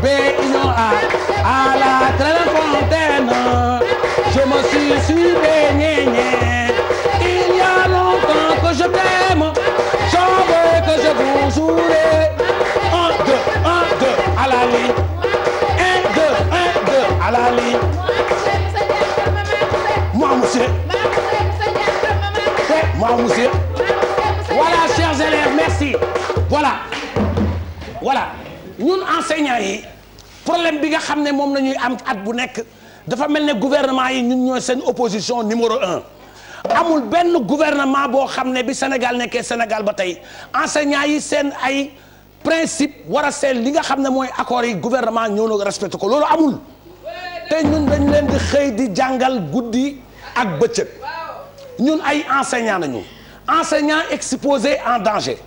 B, à la très fontaine, je me suis suivi, gné, Il y a longtemps que je t'aime, j'en veux que je vous Un, deux, un, deux, à la ligne. Un, deux, un, deux, à la ligne. Moi, monsieur. Voilà, chers élèves, merci. Voilà. enseignants yi problème bi nga xam ne moom la ñuy am at bu nekk dafa mel ne gouvernement yi ñun ñooy seen opposition numéro un amul benn gouvernement boo xam ne bi Sénégal nekkee Sénégal ba tey enseignants yi seen ay principe war a seen li nga xam ne mooy accords yi gouvernement ñoo respecté ko loolu amul te ñun dañ leen di xëy di jàngal guddi ak bëccëg ñun ay enseignants nañu enseignants exposés en danger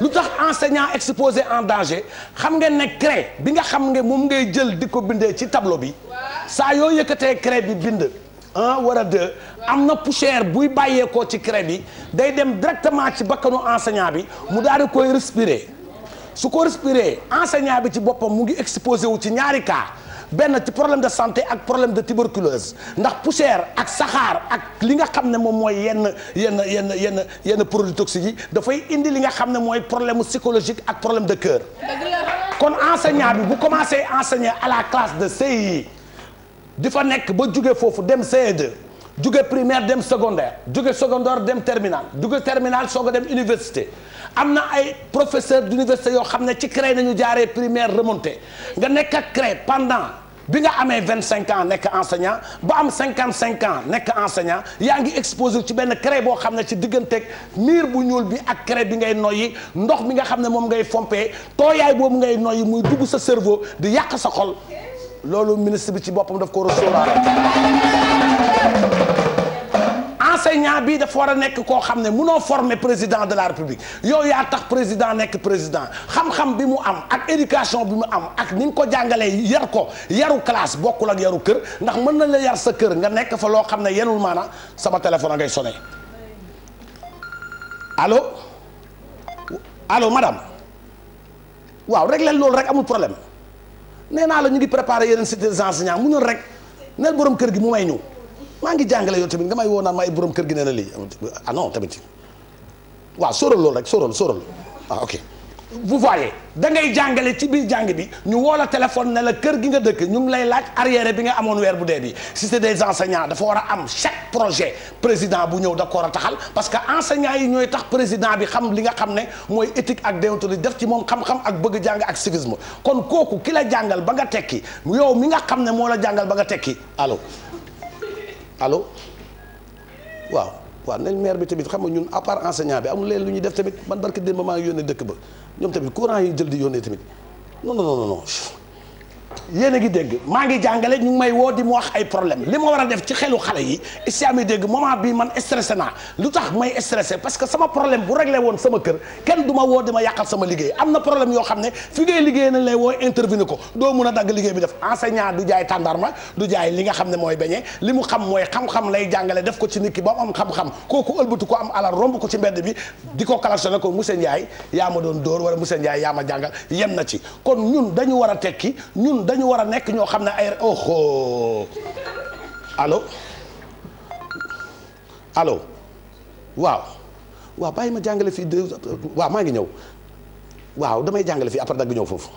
lu tax enseignant exposé en danger xam nga ne craie bi nga xam nga moom ngay jël di ko bindee ci tableau bi saa yoo yëkkatee craie bi bind un wala deux am na poussière buy bàyyeekoo ci craie bi day dem directement ci bakkanu enseignant bi mu daal koy respirer su ko respirer enseignant bi ci boppam mu ngi exposé wu ci ñaari cas benn ci problème de santé ak problème de tuberculose ndax poussière ak saxaar ak li nga xam ne moom mooy yenn yenn yenn yenn yenn produits toxi yi dafay indi li nga xam ne mooy problème psychologique ak problème de cœur kon enseignant bi bu commencé enseigner à la classe de CI di fa nekk ba jóge foofu dem CE2 jóge primaire dem secondaire jóge secondaire dem terminal jóge terminal soog a dem université am na ay professeur d'université yoo xam ne ci CREI nañu jaaree primaire remonté nga nekk ak CREI pendant bi nga amee vingt cinq ans nekk enseignant ba am cinquante cinq ans nekk enseignant yaa ngi exposé ci benn craie boo xam ne ci digganteeg miir bu ñuul bi ak craie bi ngay noyyi ndox mi nga xam ne moom ngay fompee tooyaay boobu ngay noyyi muy dugg sa cerveau di yàq sa xol loolu ministre bi ci boppam daf ko war tey ñaar bii dafa war a nekk koo xam ne munoo former président de la république yow yaa tax président nekk président xam-xam bi mu am ak éducation bi mu am ak ni nga ko jàngalee yar ko yaru classe bokkul ak yaru kër ndax mën na la yar sa kër nga nekk fa loo xam ne yenul maana sama téléphone a ngay sonné allo allo madame waaw rek leen loolu rek amul problème nee naa la ñu ngi préparer yeneen cité des enseignants mu ñun rek nel borom kër gi mu may ñëw maa ngi jàngale yow tamit nga may woo naan may borom kër gi nee na lii ah non tamit waaw sóoral loolu rek sóoral sóoral ah ok. vous voyez da ngay jàngale ci biir jàng bi ñu woo la téléphone ne la kër gi nga dëkk ñu ngi lay laaj arrière bi nga amoon weer bu dee bi si c'est des enseignants dafa war a am chaque projet président bu ñëw da ko war a taxal parce que enseignants yi ñooy tax président bi xam li nga xam ne mooy éthique ak déontologie def ci moom xam-xam ak bëgg jàng ak civisme kon kooku ki la jàngal ba nga tekki yow mi nga xam ne moo la jàngal ba nga tekki allo. alo waaw waaw nañ maire bi tamit xam nga ñun à part enseignant bi amul leen lu ñuy def tamit man barke démb maa ngi yónnee dëkk ba ñoom tamit courant yi jël di yónnee tamit non non non non. yéen a ngi dégg maa ngi jàngale ñu ngi may woo di mu wax ay problème li ma war a def ci xelu xale yi islaam yi dégg moment bi man stressé naa lu tax may stressé parce que sama problème bu réglé woon sama kër kenn du ma woo di ma yàqal sama liggéey am na problème yoo xam ne fi ngay liggéey nañ lay woo intervenir ko doo mun a dagg liggéey bi def enseignant du jaay tàndarma du jaay li nga xam ne mooy beñe li mu xam mooy xam-xam lay jàngale def ko ci nit ki ba mu am xam-xam kooku ëlbatu ko am alal romb ko ci mbedd bi di ko ko monsieur Ndiaye yaa ma doon dóor wala monsieur Ndiaye yaa ma jàngal yem na ci kon ñun a tekki dañu war a nekk ñoo xam ne ay oh allo oh. allo waaw waaw bàyyi ma jàngale fii de waaw maa ngi ñëw waaw damay jàngale fii après dagg ñëw foofu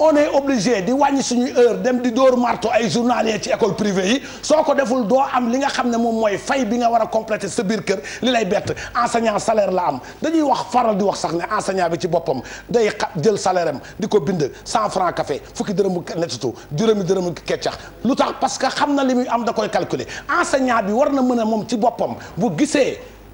on est obligé di wàññi suñu heure dem di dóor marto ay journaliers ci école privée yi soo ko deful doo am li nga xam ne moom mooy fay bi nga war a compléter sa biir kër li lay bett enseignant salaire la am dañuy wax faral di wax sax ne enseignant bi ci boppam day jël salaire am di ko bind cent franc café fukki dërëmu nettitu juróomi dërëmu keccax lu tax parce que xam na li muy am da koy calculer enseignant bi war na mën a moom ci boppam bu gisee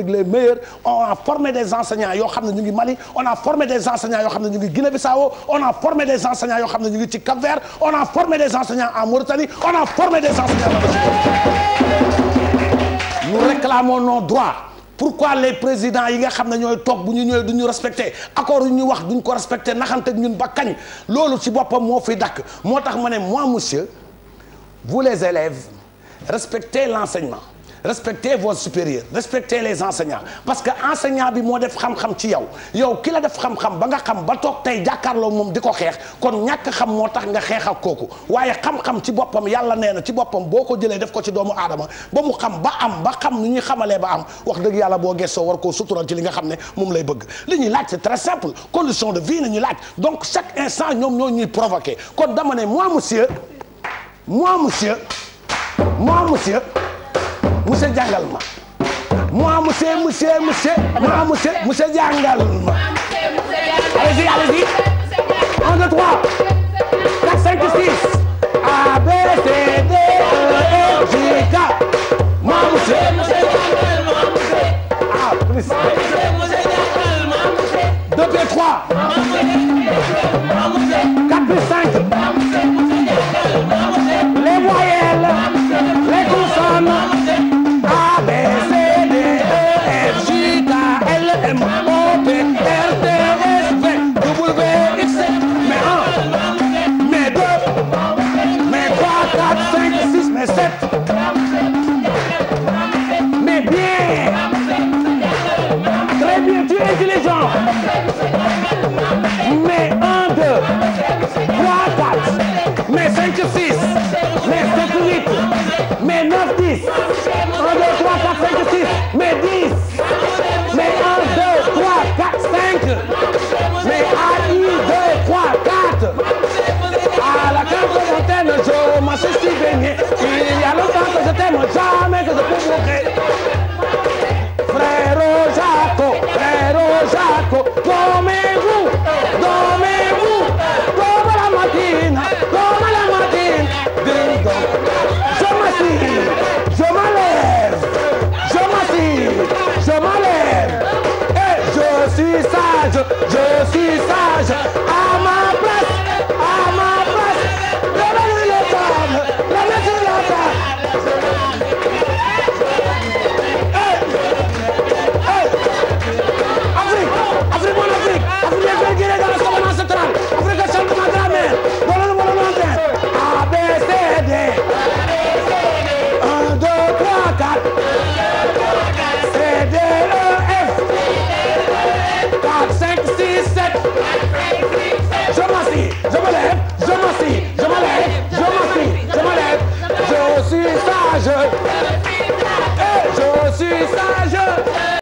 Afrique les on a formé des enseignants yoo xam ne ñu ngi Mali on a formé des enseignants yoo xam ne ñu ngi Guinée-Bissau on a formé des enseignants yoo xam ne ñu ngi ci Cap-Vert on a formé des enseignants en Mauritanie on a formé des enseignants nous réclamons les présidents yi nga xam ne ñooy toog bu ñu ñëwee du ñu respecté accord yu ñu wax duñ ko respecté naxanteeg ñun ba kañ loolu ci boppam moo fiy dakk moo tax ma ne moi monsieur vous les élèves respectez l'enseignement respectez vos supérieurs respectez les enseignants parce que enseignant bi moo def xam-xam ci yow yow ki la def xam-xam ba nga xam ba toog tey jàkkaarloo moom di ko xeex kon ñàkk xam moo tax nga xeex kooku waaye xam-xam ci boppam yàlla nee na ci boppam boo ko jëlee def ko ci doomu aadama ba mu xam ba am ba xam nu ñuy xamalee ba am wax dëgg yàlla boo gëstoo war koo sutural ci li nga xam ne moom lay bëgg li ñuy laaj c'est très simple condition de vie la ñuy laaj donc chaque instant ñoom ñoo ñuy provoqué kon dama ne moi monsieur moi monsieur jàngal ma moi monsieur monsieur monsieur moi monsieur monsieur jàngal ma allez-y allez-y 1 2 3 4 intelligent. Mais un, deux, trois, quatre. Mais cinq, six. Mais sept, huit. Mais neuf, dix. Un, deux, trois, quatre, cinq, six. Mais dix. Mais un, deux, trois, quatre, cinq. Mais un, deux, trois, quatre. À la carte de l'antenne, je m'en suis baigné. Il y a longtemps que je t'aime, jamais que je peux vous